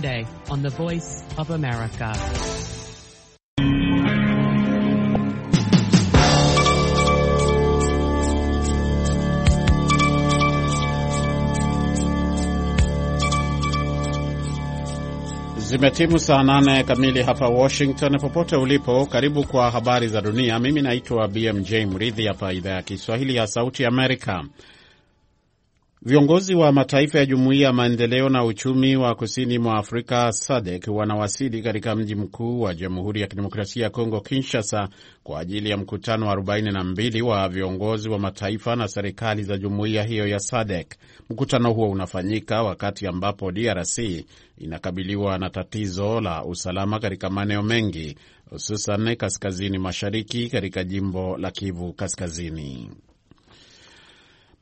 Day on the Voice of America. Zimetimu saa nane kamili hapa Washington. Popote ulipo, karibu kwa habari za dunia. Mimi naitwa BMJ Mridhi hapa idhaa ya Kiswahili ya Sauti Amerika. Viongozi wa mataifa ya jumuiya ya maendeleo na uchumi wa kusini mwa Afrika SADC wanawasili katika mji mkuu wa Jamhuri ya Kidemokrasia ya Kongo, Kinshasa, kwa ajili ya mkutano wa 42 wa viongozi wa mataifa na serikali za jumuiya hiyo ya SADC. Mkutano huo unafanyika wakati ambapo DRC inakabiliwa na tatizo la usalama katika maeneo mengi, hususan kaskazini mashariki katika jimbo la Kivu Kaskazini.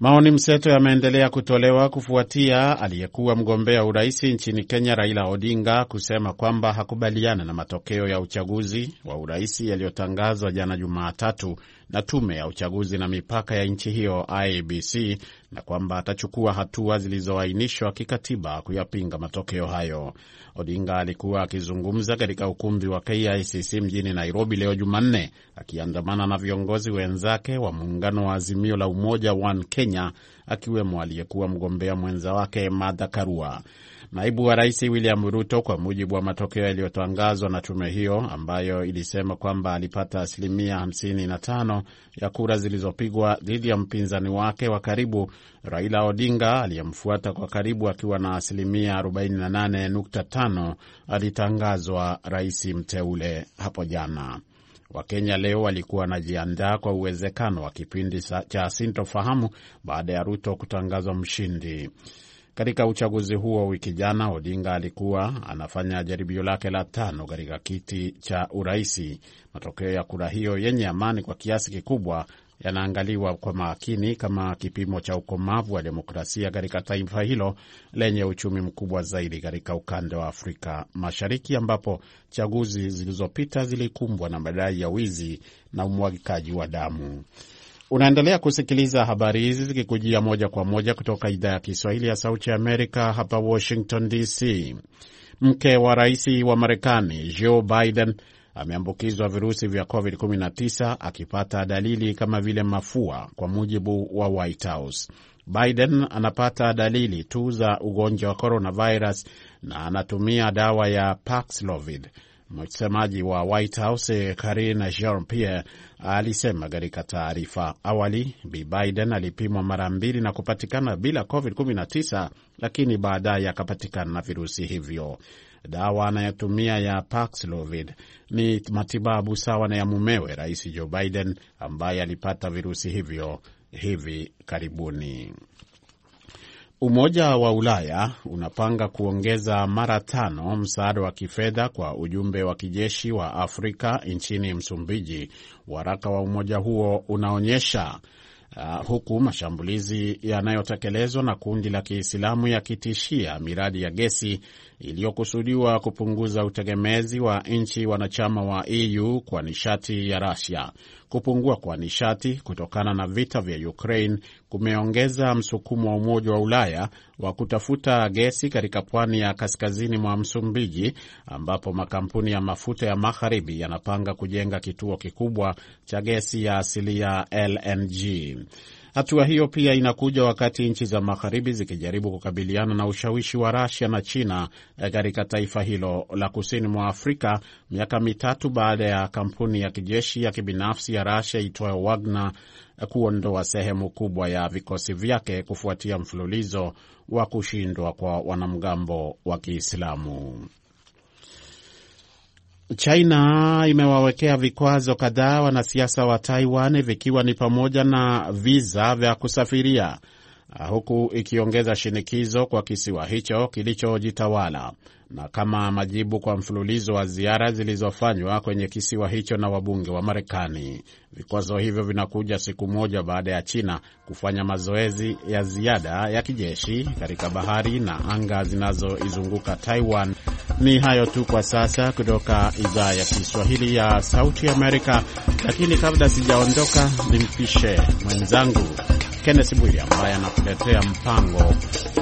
Maoni mseto yameendelea kutolewa kufuatia aliyekuwa mgombea urais nchini Kenya Raila Odinga kusema kwamba hakubaliana na matokeo ya uchaguzi wa urais yaliyotangazwa jana Jumatatu na tume ya uchaguzi na mipaka ya nchi hiyo ibc na kwamba atachukua hatua zilizoainishwa kikatiba kuyapinga matokeo hayo. Odinga alikuwa akizungumza katika ukumbi wa KICC mjini Nairobi leo Jumanne, akiandamana na viongozi wenzake wa muungano wa Azimio la Umoja One Kenya, akiwemo aliyekuwa mgombea mwenza wake Martha Karua naibu wa rais William Ruto, kwa mujibu wa matokeo yaliyotangazwa na tume hiyo ambayo ilisema kwamba alipata asilimia 55 ya kura zilizopigwa dhidi ya mpinzani wake wa karibu Raila Odinga aliyemfuata kwa karibu akiwa na asilimia 48.5, alitangazwa rais mteule hapo jana. Wakenya leo walikuwa wanajiandaa kwa uwezekano wa kipindi cha sintofahamu baada ya Ruto kutangazwa mshindi. Katika uchaguzi huo wiki jana, Odinga alikuwa anafanya jaribio lake la tano katika kiti cha uraisi. Matokeo ya kura hiyo yenye amani kwa kiasi kikubwa yanaangaliwa kwa makini kama kipimo cha ukomavu wa demokrasia katika taifa hilo lenye uchumi mkubwa zaidi katika ukanda wa Afrika Mashariki, ambapo chaguzi zilizopita zilikumbwa na madai ya wizi na umwagikaji wa damu. Unaendelea kusikiliza habari hizi zikikujia moja kwa moja kutoka idhaa ya Kiswahili ya Sauti ya Amerika, hapa Washington DC. Mke wa rais wa Marekani Joe Biden ameambukizwa virusi vya COVID-19 akipata dalili kama vile mafua, kwa mujibu wa White House. Biden anapata dalili tu za ugonjwa wa coronavirus na anatumia dawa ya Paxlovid Msemaji wa White House eh, Karine Jean Pierre alisema katika taarifa. Awali Bi Biden alipimwa mara mbili na kupatikana bila COVID-19, lakini baadaye akapatikana na virusi hivyo. Dawa anayotumia ya Paxlovid ni matibabu sawa na ya mumewe Rais Joe Biden ambaye alipata virusi hivyo hivi karibuni. Umoja wa Ulaya unapanga kuongeza mara tano msaada wa kifedha kwa ujumbe wa kijeshi wa Afrika nchini Msumbiji, waraka wa umoja huo unaonyesha uh, huku mashambulizi yanayotekelezwa na kundi la Kiislamu yakitishia miradi ya gesi iliyokusudiwa kupunguza utegemezi wa nchi wanachama wa EU kwa nishati ya rasia Kupungua kwa nishati kutokana na vita vya Ukraine kumeongeza msukumo wa Umoja wa Ulaya wa kutafuta gesi katika pwani ya kaskazini mwa Msumbiji, ambapo makampuni ya mafuta ya magharibi yanapanga kujenga kituo kikubwa cha gesi ya asilia LNG. Hatua hiyo pia inakuja wakati nchi za magharibi zikijaribu kukabiliana na ushawishi wa Rusia na China eh, katika taifa hilo la kusini mwa Afrika, miaka mitatu baada ya kampuni ya kijeshi ya kibinafsi ya Rusia itwayo Wagner eh, kuondoa sehemu kubwa ya vikosi vyake kufuatia mfululizo wa kushindwa kwa wanamgambo wa Kiislamu. China imewawekea vikwazo kadhaa wanasiasa wa Taiwan, vikiwa ni pamoja na viza vya kusafiria, ah, huku ikiongeza shinikizo kwa kisiwa hicho kilichojitawala na kama majibu kwa mfululizo wa ziara zilizofanywa kwenye kisiwa hicho na wabunge wa Marekani. Vikwazo hivyo vinakuja siku moja baada ya China kufanya mazoezi ya ziada ya kijeshi katika bahari na anga zinazoizunguka Taiwan ni hayo tu kwa sasa kutoka idhaa ya Kiswahili ya Sauti Amerika, lakini kabla sijaondoka, nimpishe mwenzangu Kenneth bwili ambaye anakuletea mpango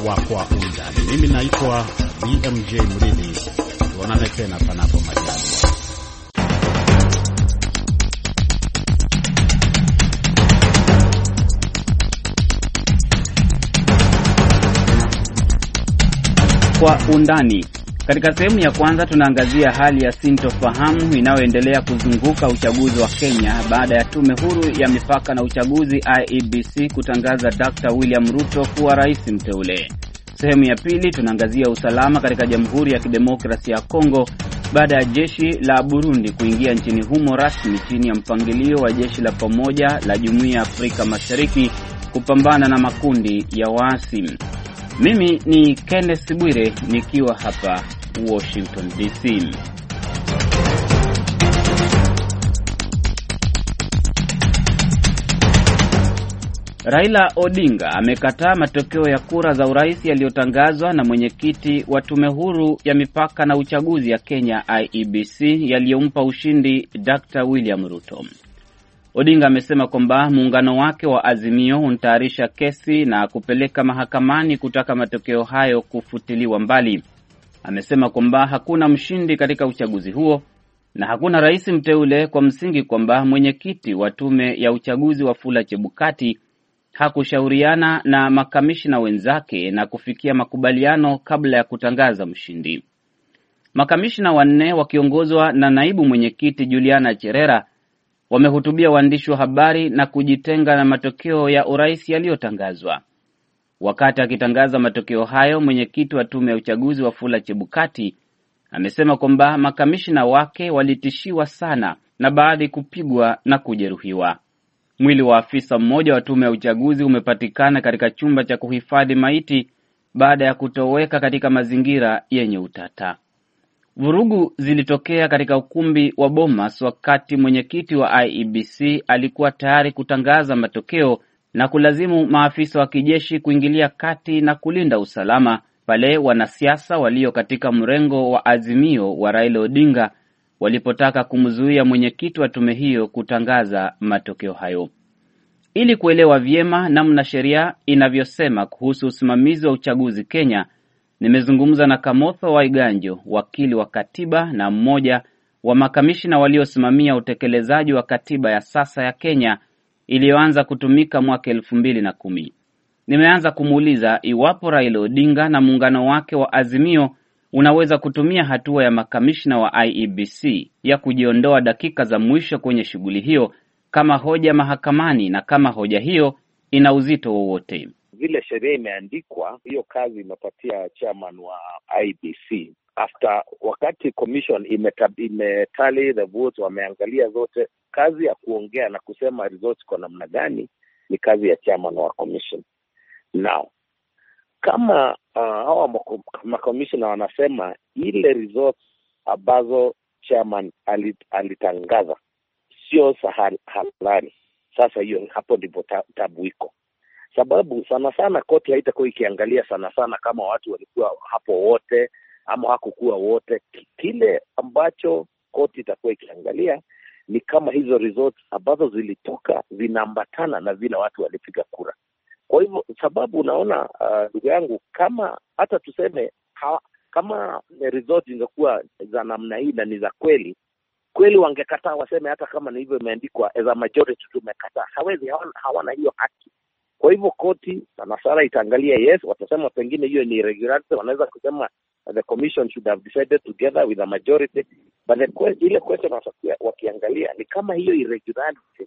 wa Kwa Undani. Mimi naitwa BMJ Mridhi, tuonane tena panapo majani. Kwa Undani katika sehemu ya kwanza tunaangazia hali ya sintofahamu inayoendelea kuzunguka uchaguzi wa Kenya baada ya tume huru ya mipaka na uchaguzi IEBC kutangaza Dr. William Ruto kuwa rais mteule. Sehemu ya pili tunaangazia usalama katika Jamhuri ya Kidemokrasia ya Kongo baada ya jeshi la Burundi kuingia nchini humo rasmi chini ya mpangilio wa jeshi la pamoja la Jumuiya ya Afrika Mashariki kupambana na makundi ya waasi. Mimi ni Kenneth Bwire nikiwa hapa Washington DC. Raila Odinga amekataa matokeo ya kura za urais yaliyotangazwa na mwenyekiti wa tume huru ya mipaka na uchaguzi ya Kenya IEBC yaliyompa ushindi Dr. William Ruto. Odinga amesema kwamba muungano wake wa Azimio unatayarisha kesi na kupeleka mahakamani kutaka matokeo hayo kufutiliwa mbali. Amesema kwamba hakuna mshindi katika uchaguzi huo na hakuna rais mteule kwa msingi kwamba mwenyekiti wa tume ya uchaguzi Wafula Chebukati hakushauriana na makamishina wenzake na kufikia makubaliano kabla ya kutangaza mshindi. Makamishina wanne wakiongozwa na naibu mwenyekiti Juliana Cherera wamehutubia waandishi wa habari na kujitenga na matokeo ya urais yaliyotangazwa. Wakati akitangaza matokeo hayo, mwenyekiti wa tume ya uchaguzi wa fula Chebukati amesema kwamba makamishina wake walitishiwa sana na baadhi kupigwa na kujeruhiwa. Mwili wa afisa mmoja wa tume ya uchaguzi umepatikana katika chumba cha kuhifadhi maiti baada ya kutoweka katika mazingira yenye utata. Vurugu zilitokea katika ukumbi wa Bomas wakati mwenyekiti wa IEBC alikuwa tayari kutangaza matokeo na kulazimu maafisa wa kijeshi kuingilia kati na kulinda usalama pale wanasiasa walio katika mrengo wa Azimio wa Raila Odinga walipotaka kumzuia mwenyekiti wa tume hiyo kutangaza matokeo hayo. Ili kuelewa vyema namna sheria inavyosema kuhusu usimamizi wa uchaguzi Kenya, Nimezungumza na Kamotho Waiganjo, wakili wa katiba na mmoja wa makamishina waliosimamia utekelezaji wa katiba ya sasa ya Kenya iliyoanza kutumika mwaka elfu mbili na kumi. Nimeanza kumuuliza iwapo Raila Odinga na muungano wake wa Azimio unaweza kutumia hatua ya makamishna wa IEBC ya kujiondoa dakika za mwisho kwenye shughuli hiyo kama hoja mahakamani na kama hoja hiyo ina uzito wowote vile sheria imeandikwa, hiyo kazi imepatia chairman wa IBC after wakati commission imetali the votes, wameangalia zote, kazi ya kuongea na kusema results kwa namna gani ni kazi ya chairman wa commission. Now kama uh, hawa uh, makomishona wanasema ile results ambazo chairman alit, alitangaza sio sahalani, sasa hiyo hapo ndipo tabu iko sababu sana sana koti haitakuwa ikiangalia sana sana kama watu walikuwa hapo wote ama hakukuwa wote. Kile ambacho koti itakuwa ikiangalia ni kama hizo results ambazo zilitoka zinaambatana na vile watu walipiga kura. Kwa hivyo sababu unaona, uh, ndugu uh, yangu, kama hata tuseme ha, kama results zingekuwa za namna hii na ni za kweli kweli, wangekataa waseme, hata kama ni hivyo imeandikwa as a majority tumekataa. Hawezi, hawana, hawana hiyo haki kwa hivyo koti sana sana itaangalia, yes, watasema pengine hiyo ni irregularity, wanaweza kusema the commission should have decided together with a majority, but the que ile question wakiangalia ni kama hiyo irregularity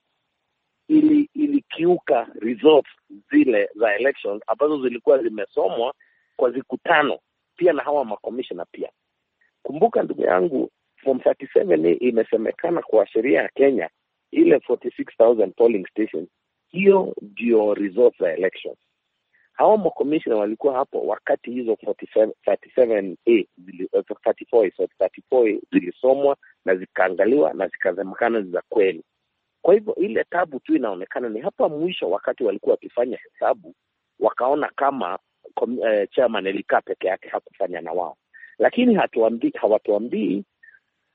ili ilikiuka results zile za elections ambazo zilikuwa zimesomwa kwa siku tano, pia na hawa makomishona pia. Kumbuka ndugu yangu, form 37 imesemekana kwa sheria ya Kenya ile 46000 polling stations hiyo ndio results za elections. makomishna walikuwa hapo wakati hizo 37A, 34, eh, zilisomwa na zikaangaliwa na zikasemekana za kweli. Kwa hivyo ile tabu tu inaonekana ni hapa mwisho, wakati walikuwa wakifanya hesabu wakaona kama kom, eh, chairman Elikaa peke yake hakufanya na wao, lakini hawatuambii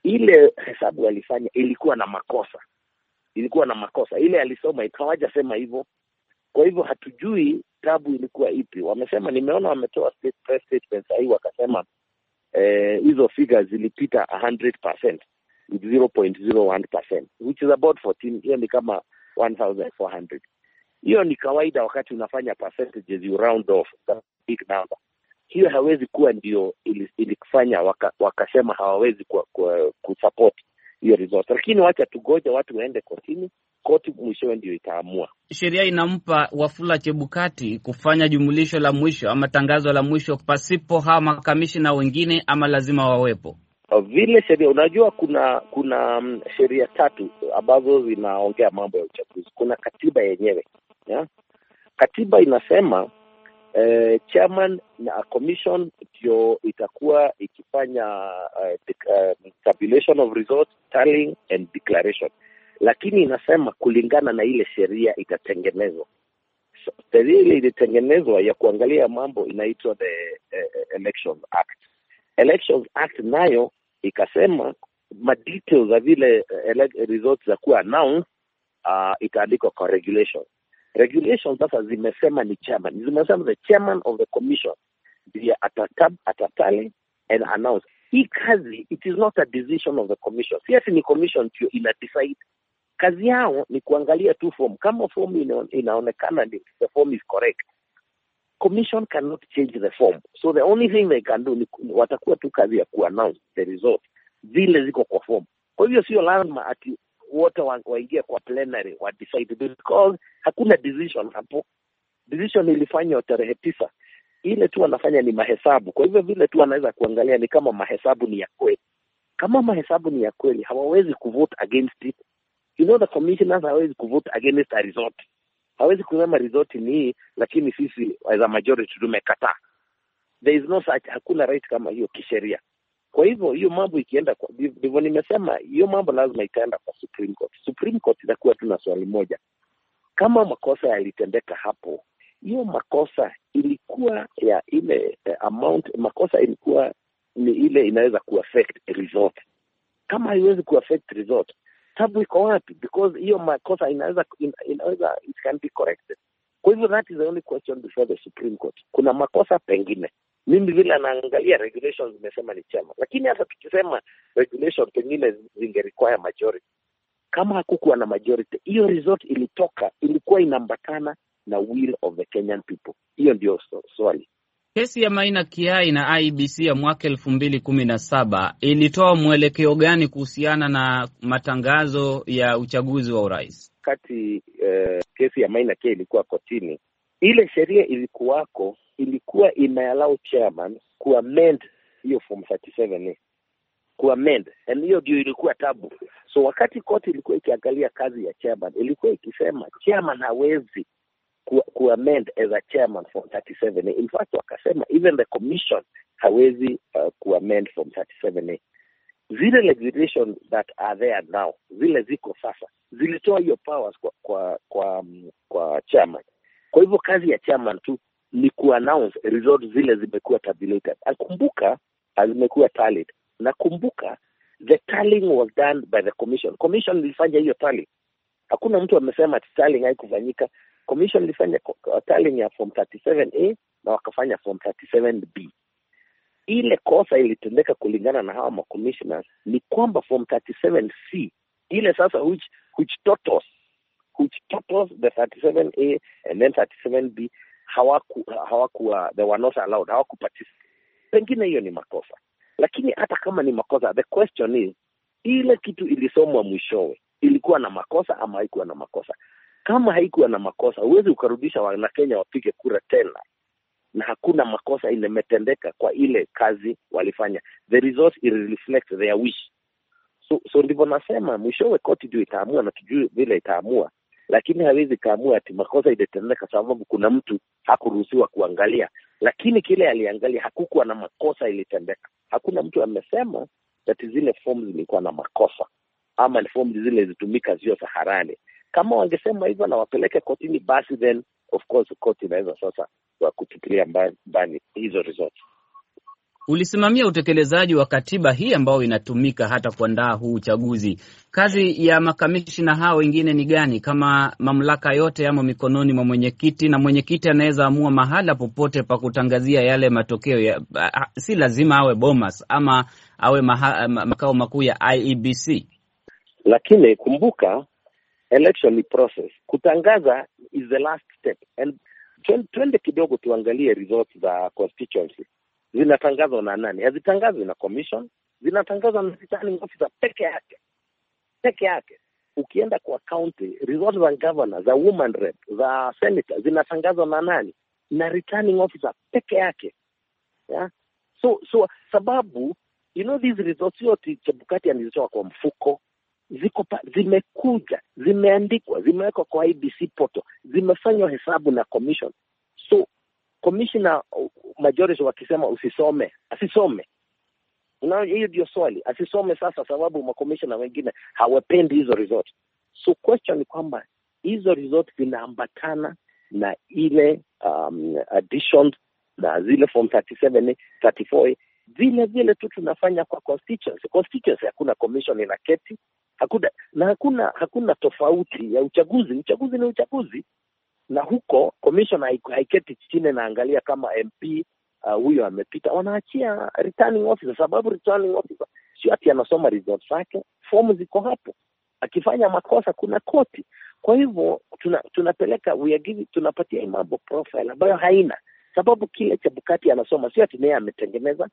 ile hesabu walifanya ilikuwa na makosa ilikuwa na makosa, ile alisoma hawajasema hivyo. Kwa hivyo hatujui tabu ilikuwa ipi. Wamesema, nimeona wametoa state press statement sahii wakasema eh, hizo eh, figures zilipita which is about 14. Hiyo ni kama 1400. Hiyo ni kawaida wakati unafanya percentages you round off big number. Hiyo hawezi kuwa ndio ilifanya waka, wakasema hawawezi kusupport hiyo resort, lakini wacha tugoja watu waende kotini. Koti mwishowe ndio itaamua. Sheria inampa Wafula Chebukati kufanya jumulisho la mwisho ama tangazo la mwisho pasipo hawa makamishina wengine, ama lazima wawepo uh, vile sheria. Unajua, kuna kuna um, sheria tatu ambazo zinaongea mambo ya uchaguzi. Kuna katiba yenyewe ya? Katiba inasema eh, chairman na commission ndio itakuwa ikifanya uh, um, tabulation of results, tallying and declaration, lakini inasema kulingana na ile sheria itatengenezwa sheria ile ilitengenezwa ya kuangalia mambo inaitwa the uh, eh, Elections Act. Elections Act nayo ikasema madetails za vile uh, results za kuwa announced uh, itaandikwa kwa regulation. Regulations sasa zimesema ni chairman, zimesema the chairman of the commission ndiye atatally and announce hii kazi. It is not a decision of the commission, si ni commission ndio ina decide. Kazi yao ni kuangalia tu form, kama form inaonekana ni the form is correct Commission cannot change the form, so the only thing they can do ni watakuwa tu kazi ya kuannounce the result zile ziko kwa form. Kwa hivyo sio lazima ati wote waingie kwa plenary wa decide because hakuna decision hapo. Decision ilifanywa tarehe tisa. Ile tu wanafanya ni mahesabu, kwa hivyo vile tu wanaweza kuangalia ni kama mahesabu ni ya kweli. Kama mahesabu ni ya kweli, hawawezi kuvote against it. You know the commissioners hawezi kuvote against a resort, hawezi kusema resort ni hii, lakini sisi as a majority tumekataa. There is no such, hakuna right kama hiyo kisheria. Kwa hivyo hiyo mambo ikienda, ndivyo nimesema, hiyo mambo lazima itaenda kwa Supreme Court. Supreme Court itakuwa tu na swali moja, kama makosa yalitendeka hapo, hiyo makosa ilikuwa ya ile eh, amount, makosa ilikuwa ni ile inaweza kuaffect result. Kama haiwezi kuaffect result, tabu iko wapi? Because hiyo makosa inaweza inaweza, it can be corrected. Kwa hivyo that is the only question before the Supreme Court. Kuna makosa pengine mimi vile anaangalia regulations zimesema ni chama, lakini hata tukisema regulation pengine zinge require majority. Kama hakukuwa na majority, hiyo result ilitoka ilikuwa inaambatana na will of the Kenyan people. Hiyo ndio swali. Kesi ya Maina Kiai na IBC ya mwaka elfu mbili kumi na saba ilitoa mwelekeo gani kuhusiana na matangazo ya uchaguzi wa urais? Wakati eh, kesi ya Maina Kiai ilikuwa kotini, ile sheria ilikuwako ilikuwa imeallow chairman kuamend hiyo form 37A kuamend, and hiyo ndio ilikuwa tabu. So wakati koti ilikuwa ikiangalia kazi ya chairman, ilikuwa ikisema chairman hawezi kuamend as a chairman form 37 In fact wakasema even the commission hawezi uh, kuamend form 37A. Zile legislation that are there now, zile ziko sasa, zilitoa hiyo powers kwa kwa kwa, kwa chairman. Kwa hivyo kazi ya chairman tu ni kuannounce resort zile zimekuwa tabulated. Nakumbuka uh, zimekuwa tallied. Nakumbuka the tallying was done by the commission. Commission ilifanya hiyo tally. Hakuna mtu amesema ati tallying haikufanyika. Commission ilifanya uh, tallying ya form 37A na wakafanya form 37B. Ile kosa ilitendeka kulingana na hawa ma commissioners ni kwamba form 37C ile sasa which which totals which totals the 37A and then 37B hawaku hawakuwa uh, they were not allowed, hawaku Pengine hiyo ni makosa, lakini hata kama ni makosa, the question is ile kitu ilisomwa mwishowe ilikuwa na makosa ama haikuwa na makosa? Kama haikuwa na makosa, huwezi ukarudisha Wanakenya wapige kura tena na hakuna makosa imemetendeka kwa ile kazi walifanya. The result it reflects their wish. So, so ndivyo nasema mwishowe koti ndio itaamua na tujue vile itaamua, lakini hawezi kaamua ati makosa ilitendeka sababu kuna mtu hakuruhusiwa kuangalia. Lakini kile aliangalia hakukuwa na makosa ilitendeka. Hakuna mtu amesema ati zile fomu zilikuwa na makosa ama fomu zile zitumika sio saharani. Kama wangesema hivyo na wapeleke kotini, basi then of course koti inaweza sasa wa kutupilia mbani hizo results ulisimamia utekelezaji wa katiba hii ambayo inatumika hata kuandaa huu uchaguzi. Kazi ya makamishina hao wengine ni gani, kama mamlaka yote yamo mikononi mwa mwenyekiti, na mwenyekiti anaweza amua mahala popote pa kutangazia yale matokeo ya, si lazima awe Bomas ama awe maha, makao makuu ya IEBC. Lakini kumbuka election process, kutangaza is the last step and twende kidogo tuangalie results za constituency zinatangazwa na nani? Hazitangazwi na commission, zinatangazwa na returning officer peke yake, peke yake. Ukienda kwa county resort za governor, za woman rep, za senator zinatangazwa na nani? Na returning officer peke yake, yeah? So so sababu you know these results yote Chebukati alizitoa kwa mfuko ziko pa, zimekuja zimeandikwa zimewekwa kwa IBC portal zimefanywa hesabu na commission komishina uh, majority wakisema usisome, asisome. Unaona, hiyo ndio swali, asisome. Sasa sababu makomishina wengine hawapendi hizo resort, so question ni kwamba hizo resort zinaambatana na ile um, additions na zile form 37 34 vile vile tu tunafanya kwa constituency. Constituency hakuna commission inaketi, hakuna na hakuna hakuna tofauti ya uchaguzi. Uchaguzi ni uchaguzi na huko commission haiketi chini naangalia kama MP uh, huyo uh, amepita, wanaachia returning officer, sababu returning officer sio ati anasoma results zake, fomu ziko hapo, akifanya makosa kuna koti. Kwa hivyo tuna, tunapeleka we are giving, tunapatia hii mambo profile ambayo haina sababu. Kile chabukati anasoma sio ati naye ametengeneza,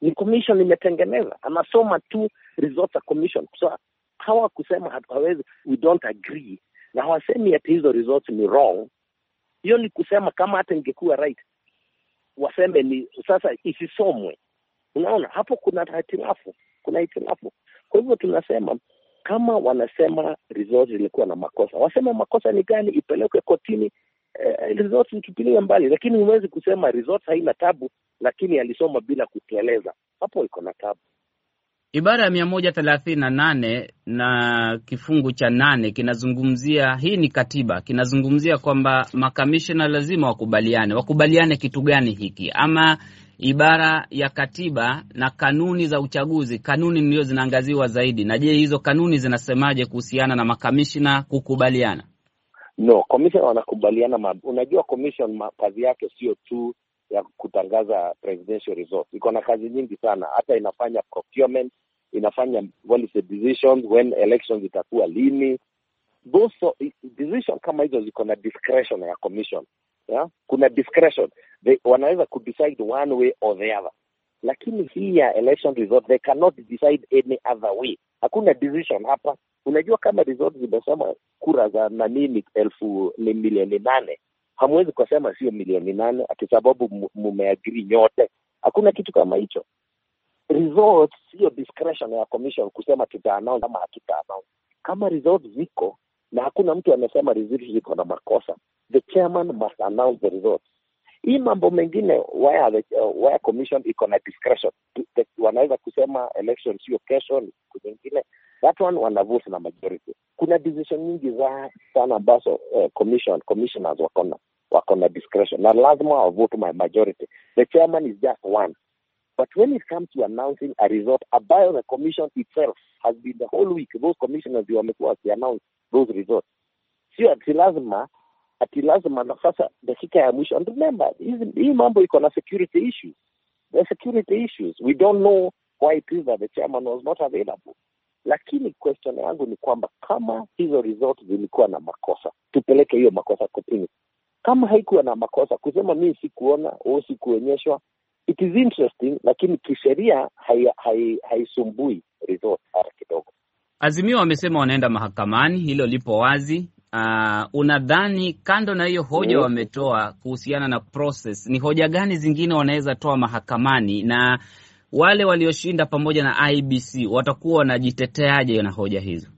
ni commission imetengeneza, anasoma tu results commission. So hawa kusema hawezi, we don't agree na hawasemi ati hizo results ni wrong. Hiyo ni kusema kama hata ingekuwa right waseme ni sasa isisomwe. Unaona hapo kuna hitilafu, kuna hitilafu. Kwa hivyo tunasema kama wanasema results ilikuwa na makosa, waseme makosa ni gani, ipelekwe kotini eh, results itupiliwe mbali, lakini huwezi kusema results haina tabu, lakini alisoma bila kutueleza. Hapo iko na tabu. Ibara ya mia moja na nane na kifungu cha nane kinazungumzia, hii ni katiba, kinazungumzia kwamba makamishna lazima wakubaliane. Wakubaliane kitu gani hiki? Ama ibara ya katiba na kanuni za uchaguzi, kanuni ndio zinaangaziwa zaidi. Na je, hizo kanuni zinasemaje kuhusiana na makamishna kukubaliana? No, wanakubaliana. Unajua kazi yake sio tu ya kutangaza presidential results. Iko na kazi nyingi sana, hata inafanya procurement, inafanya policy decisions, when elections itakuwa lini. Those decision kama hizo ziko na discretion ya commission yeah? Kuna discretion they, wanaweza kudecide one way or the other, lakini hii ya election result they cannot decide any other way. Hakuna decision hapa. Unajua, kama result zimesema kura za nanini elfu ni milioni nane hamwezi kusema sio milioni nane ati sababu mumeagiri nyote. Hakuna kitu kama hicho. Results siyo discretion ya commission kusema tuta announce ama hatuta announce. Kama results ziko na hakuna mtu amesema results ziko na makosa, the chairman must announce the results. Hii mambo mengine where the, uh, where commission iko na discretion, wanaweza kusema election sio kesho, ni siku nyingine, that one wanavuta na majority. Kuna decision nyingi za sana ambazo uh, commission commissioners wakona wako na discretion na lazima wavote majority. The chairman is just one. But when it comes to announcing a result ambayo the commission itself has been the whole week those commissioners wamekuwa wakiannounce those results, sio ati lazima ati lazima na sasa dakika ya mwisho. And remember hii mambo iko na security issues, the security issues we don't know why it is that the chairman was not available. Lakini question yangu ni kwamba kama hizo results zilikuwa na makosa, tupeleke hiyo makosa kotini kama haikuwa na makosa kusema mii sikuona au sikuonyeshwa, it is interesting, lakini kisheria haisumbui hai, hai kidogo. Azimio wamesema wanaenda mahakamani, hilo lipo wazi. Uh, unadhani kando na hiyo hoja mm, wametoa kuhusiana na process, ni hoja gani zingine wanaweza toa mahakamani, na wale walioshinda pamoja na IBC watakuwa wanajiteteaje na hoja hizo?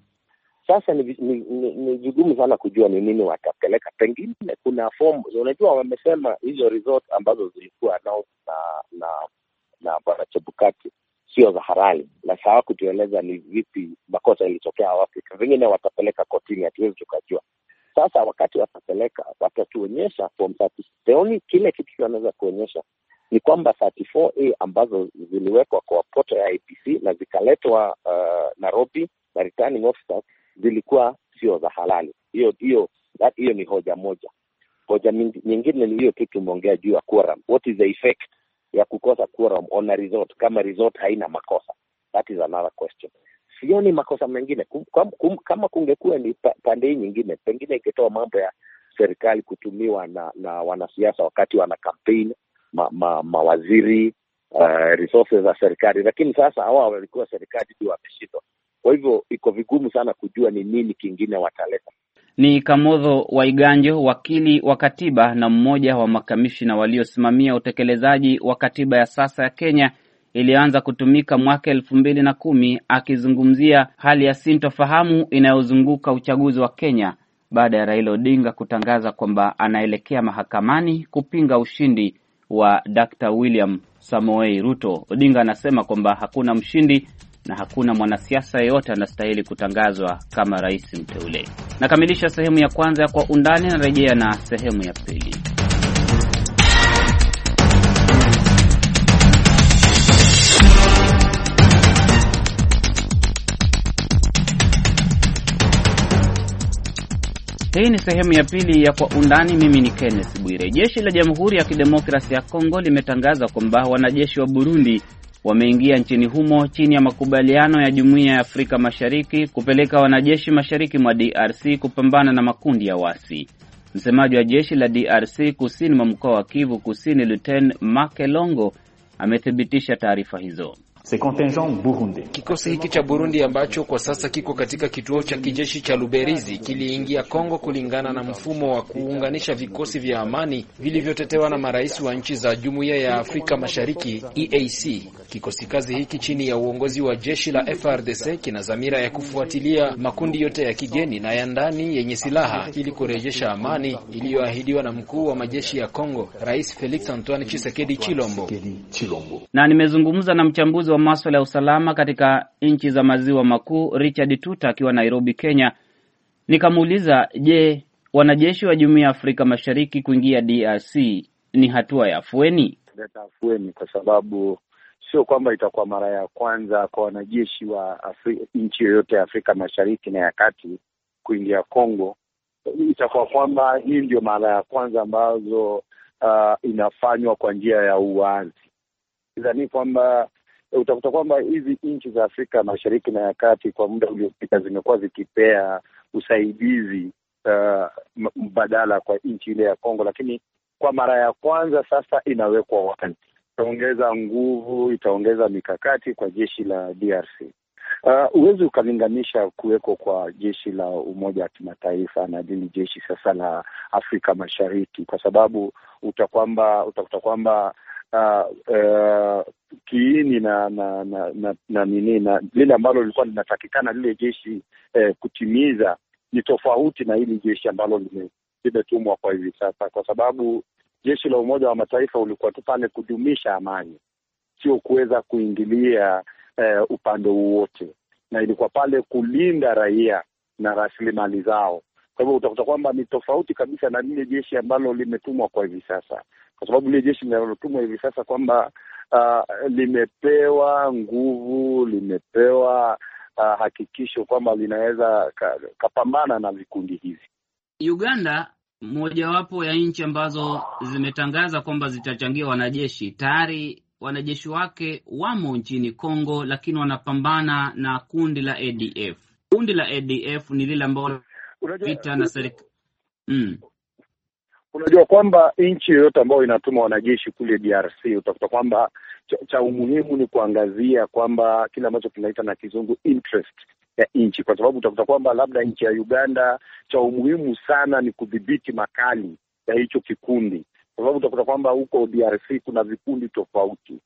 Sasa ni, ni, ni, ni vigumu sana kujua ni nini watapeleka. Pengine kuna fomu, unajua wamesema hizo resort ambazo zilikuwa na na na, na bwana Chebukati sio za harali, na kutueleza ni vipi makosa ilitokea wapi. Vingine watapeleka kotini, hatuwezi tukajua. Sasa wakati watapeleka, watatuonyesha fomu Kile kitu wanaweza kuonyesha ni kwamba 34A ambazo ziliwekwa kwa poto ya IPC na zikaletwa uh, Nairobi na returning officers zilikuwa sio za halali. Hiyo hiyo hiyo ni hoja moja. Hoja nyingine ni hiyo tu tumeongea juu ya quorum. What is the effect ya kukosa quorum on a resort kama resort haina makosa? That is another question. Sioni makosa mengine kum, kum, kum, kama kungekuwa ni pande hii nyingine, pengine ingetoa mambo ya serikali kutumiwa na, na wanasiasa wakati wana campaign ma, ma, mawaziri uh, resources za serikali, lakini sasa hawa walikuwa serikali tu wameshindwa kwa hivyo iko vigumu sana kujua ni nini kingine wataleta. Ni Kamodho Waiganjo, wakili wa katiba na mmoja wa makamishina waliosimamia utekelezaji wa katiba ya sasa ya Kenya iliyoanza kutumika mwaka elfu mbili na kumi akizungumzia hali ya sintofahamu inayozunguka uchaguzi wa Kenya baada ya Raila Odinga kutangaza kwamba anaelekea mahakamani kupinga ushindi wa Dr. William Samoei Ruto. Odinga anasema kwamba hakuna mshindi na hakuna mwanasiasa yeyote anastahili kutangazwa kama rais mteule. Nakamilisha sehemu ya kwanza ya Kwa Undani, narejea na sehemu ya pili. Hii ni sehemu ya pili ya Kwa Undani. Mimi ni Kenneth Bwire. Jeshi la Jamhuri ya Kidemokrasi ya Kongo limetangaza kwamba wanajeshi wa Burundi wameingia nchini humo chini ya makubaliano ya Jumuiya ya Afrika Mashariki kupeleka wanajeshi mashariki mwa DRC kupambana na makundi ya wasi. Msemaji wa jeshi la DRC kusini mwa mkoa wa Kivu Kusini, Luten Makelongo amethibitisha taarifa hizo. Kikosi hiki cha Burundi ambacho kwa sasa kiko katika kituo cha kijeshi cha Luberizi kiliingia Kongo kulingana na mfumo wa kuunganisha vikosi vya amani vilivyotetewa na marais wa nchi za Jumuiya ya Afrika Mashariki EAC. Kikosi kazi hiki chini ya uongozi wa jeshi la FRDC kina dhamira ya kufuatilia makundi yote ya kigeni na ya ndani yenye silaha ili kurejesha amani iliyoahidiwa na mkuu wa majeshi ya Kongo, Rais Felix Antoine Tshisekedi Chilombo. Na nimezungumza na mchambuzi wa maswala ya usalama katika nchi za maziwa makuu Richard Tuta akiwa Nairobi, Kenya, nikamuuliza je, wanajeshi wa jumuiya ya Afrika Mashariki kuingia DRC ni hatua ya afueni? Afueni kwa sababu sio kwamba itakuwa mara ya kwanza kwa wanajeshi wa Afri... nchi yoyote ya Afrika Mashariki na ya Kati kuingia Kongo. Itakuwa kwamba hii ndio mara ya kwanza ambazo uh, inafanywa kwa njia ya uwazi. Sidhani kwamba utakuta kwamba hizi nchi za Afrika Mashariki na ya Kati kwa muda uliopita zimekuwa zikipea usaidizi uh, mbadala kwa nchi ile ya Kongo, lakini kwa mara ya kwanza sasa inawekwa wazi, itaongeza nguvu, itaongeza mikakati kwa jeshi la DRC. Uh, huwezi uh, ukalinganisha kuweko kwa jeshi la Umoja wa Kimataifa na lili jeshi sasa la Afrika Mashariki, kwa sababu utakwamba utakuta kwamba uh, kiini na na na, na, na, nini, na lile ambalo lilikuwa linatakikana lile jeshi eh, kutimiza ni tofauti na hili jeshi ambalo limetumwa kwa hivi sasa, kwa sababu jeshi la Umoja wa Mataifa ulikuwa tu pale kudumisha amani, sio kuweza kuingilia eh, upande wowote, na ilikuwa pale kulinda raia na rasilimali zao. Kwa hivyo utakuta kwamba ni tofauti kabisa na lile jeshi ambalo limetumwa kwa hivi sasa kwa sababu lile jeshi linalotumwa hivi sasa kwamba uh, limepewa nguvu, limepewa uh, hakikisho kwamba linaweza kapambana ka na vikundi hivi. Uganda mojawapo ya nchi ambazo zimetangaza kwamba zitachangia wanajeshi tayari wanajeshi wake wamo nchini Kongo, lakini wanapambana na kundi la ADF. Kundi la ADF ni lile ambalo vita na serikali mm. Unajua kwamba nchi yoyote ambayo inatuma wanajeshi kule DRC utakuta kwamba cha, cha umuhimu ni kuangazia kwamba kile ambacho kinaita na kizungu interest ya nchi, kwa sababu utakuta kwamba labda nchi ya Uganda cha umuhimu sana ni kudhibiti makali ya hicho kikundi, kwa sababu utakuta kwamba huko DRC kuna vikundi tofauti,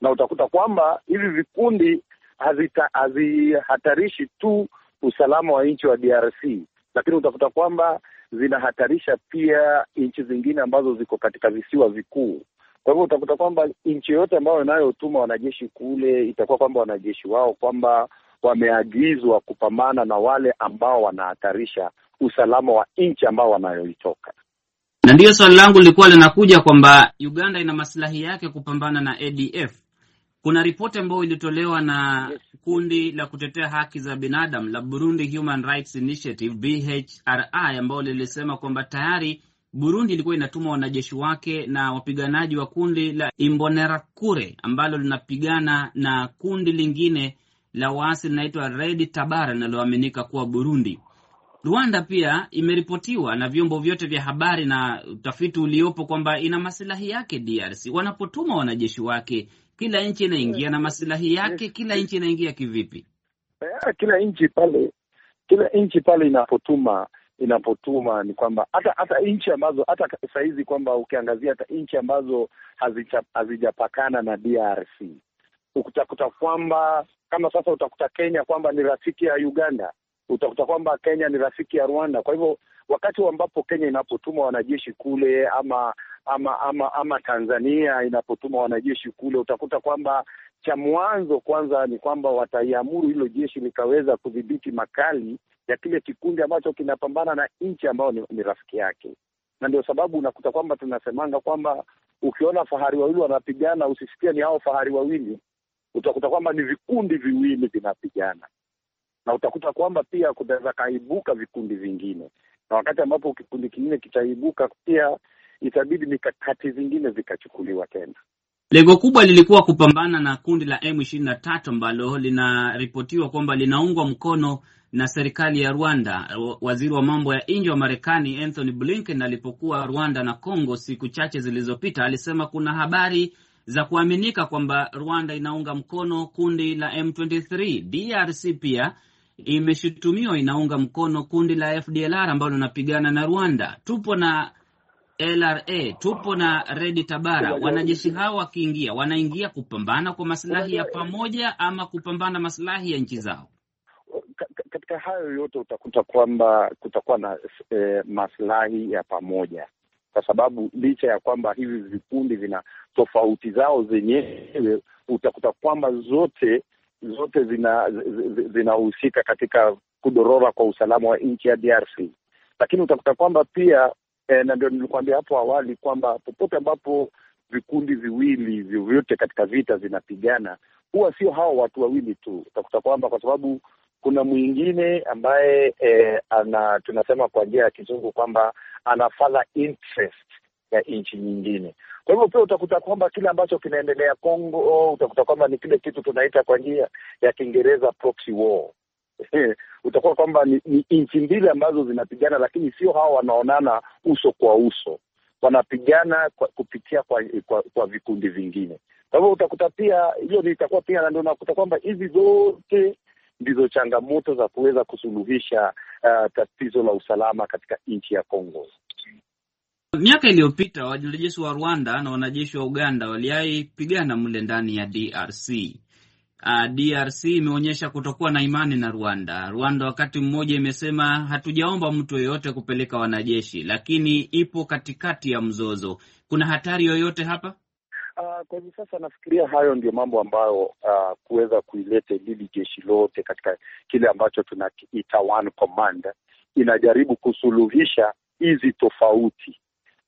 na utakuta kwamba hivi vikundi hazihatarishi tu usalama wa nchi wa DRC, lakini utakuta kwamba zinahatarisha pia nchi zingine ambazo ziko katika visiwa vikuu. Kwa hivyo utakuta kwamba nchi yoyote ambayo inayotuma wanajeshi kule itakuwa kwamba wanajeshi wao kwamba wameagizwa kupambana na wale ambao wanahatarisha usalama wa nchi ambao wanayoitoka. Na ndiyo swali langu lilikuwa linakuja kwamba Uganda ina masilahi yake kupambana na ADF kuna ripoti ambayo ilitolewa na yes, kundi la kutetea haki za binadamu la Burundi Human Rights Initiative BHRI, ambao lilisema kwamba tayari Burundi ilikuwa inatuma wanajeshi wake na wapiganaji wa kundi la Imbonerakure ambalo linapigana na kundi lingine la waasi linaitwa Red Tabara linaloaminika kuwa Burundi. Rwanda pia imeripotiwa na vyombo vyote vya habari na utafiti uliopo kwamba ina masilahi yake DRC wanapotuma wanajeshi wake kila nchi inaingia na masilahi yake. Kila nchi inaingia kivipi? Eh, kila nchi pale, kila nchi pale inapotuma inapotuma ni kwamba hata hata nchi ambazo hata sahizi kwamba ukiangazia hata nchi ambazo hazijapakana na DRC utakuta kwamba kama sasa utakuta Kenya kwamba ni rafiki ya Uganda, utakuta kwamba Kenya ni rafiki ya Rwanda. Kwa hivyo wakati ambapo Kenya inapotuma wanajeshi kule ama ama ama ama Tanzania inapotuma wanajeshi kule, utakuta kwamba cha mwanzo kwanza ni kwamba wataiamuru hilo jeshi likaweza kudhibiti makali ya kile kikundi ambacho kinapambana na nchi ambayo ni, ni rafiki yake, na ndio sababu unakuta kwamba tunasemanga kwamba ukiona fahari wawili wanapigana usisikia ni hao fahari wawili, utakuta kwamba ni vikundi viwili vinapigana, na utakuta kwamba pia kunaweza kaibuka vikundi vingine, na wakati ambapo kikundi kingine kitaibuka pia itabidi mikakati zingine zikachukuliwa tena. Lengo kubwa lilikuwa kupambana na kundi la M23 ambalo linaripotiwa kwamba linaungwa mkono na serikali ya Rwanda. Waziri wa mambo ya nje wa Marekani Anthony Blinken alipokuwa Rwanda na Congo siku chache zilizopita, alisema kuna habari za kuaminika kwamba Rwanda inaunga mkono kundi la M23. DRC pia imeshutumiwa inaunga mkono kundi la FDLR ambalo linapigana na Rwanda. Tupo na LRA tupo na Redi Tabara. Wanajeshi hao wakiingia, wanaingia kupambana kwa maslahi ya pamoja ama kupambana maslahi ya nchi zao? Katika hayo yote utakuta kwamba kutakuwa na e, maslahi ya pamoja, kwa sababu licha ya kwamba hivi vikundi vina tofauti zao zenyewe, utakuta kwamba zote zote zinahusika zina katika kudorora kwa usalama wa nchi ya DRC, lakini utakuta kwamba pia e, na ndio nilikuambia hapo awali kwamba popote ambapo vikundi viwili vyovyote katika vita vinapigana huwa sio hawa watu wawili tu. Utakuta kwamba kwa sababu kuna mwingine ambaye e, ana tunasema kwa njia ya kizungu kwamba ana further interest ya nchi nyingine. Kwa hivyo pia utakuta kwamba kile ambacho kinaendelea Kongo, utakuta kwamba ni kile kitu tunaita kwa njia ya Kiingereza proxy war. Eh, utakuwa kwamba ni, ni nchi mbili ambazo zinapigana, lakini sio hawa wanaonana uso kwa uso, wanapigana kwa, kupitia kwa, kwa, kwa vikundi vingine. Kwa hivyo utakuta pia hiyo itakuwa pia, ndio nakuta kwamba hizi zote ndizo changamoto za kuweza kusuluhisha uh, tatizo la usalama katika nchi ya Kongo. Miaka iliyopita wanajeshi wa Rwanda na wanajeshi wa Uganda waliaipigana mle ndani ya DRC uh, ah, DRC imeonyesha kutokuwa na imani na Rwanda. Rwanda wakati mmoja imesema hatujaomba mtu yeyote kupeleka wanajeshi, lakini ipo katikati ya mzozo. Kuna hatari yoyote hapa? Uh, kwa hivi sasa nafikiria hayo ndio mambo ambayo uh, kuweza kuileta lili jeshi lote katika kile ambacho tunakiita one command, inajaribu kusuluhisha hizi tofauti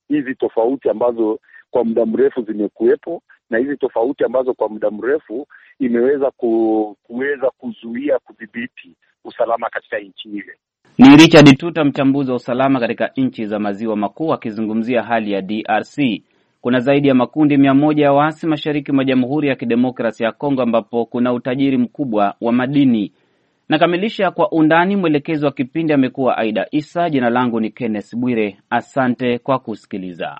hizi tofauti ambazo kwa muda mrefu zimekuwepo na hizi tofauti ambazo kwa muda mrefu imeweza ku, kuweza kuzuia kudhibiti usalama katika nchi ile. Ni Richard Tuta, mchambuzi wa usalama katika nchi za maziwa makuu, akizungumzia hali ya DRC. Kuna zaidi ya makundi mia moja ya waasi mashariki mwa Jamhuri ya Kidemokrasi ya Kongo, ambapo kuna utajiri mkubwa wa madini. Nakamilisha kwa undani. Mwelekezi wa kipindi amekuwa Aida Isa. Jina langu ni Kenneth Bwire, asante kwa kusikiliza.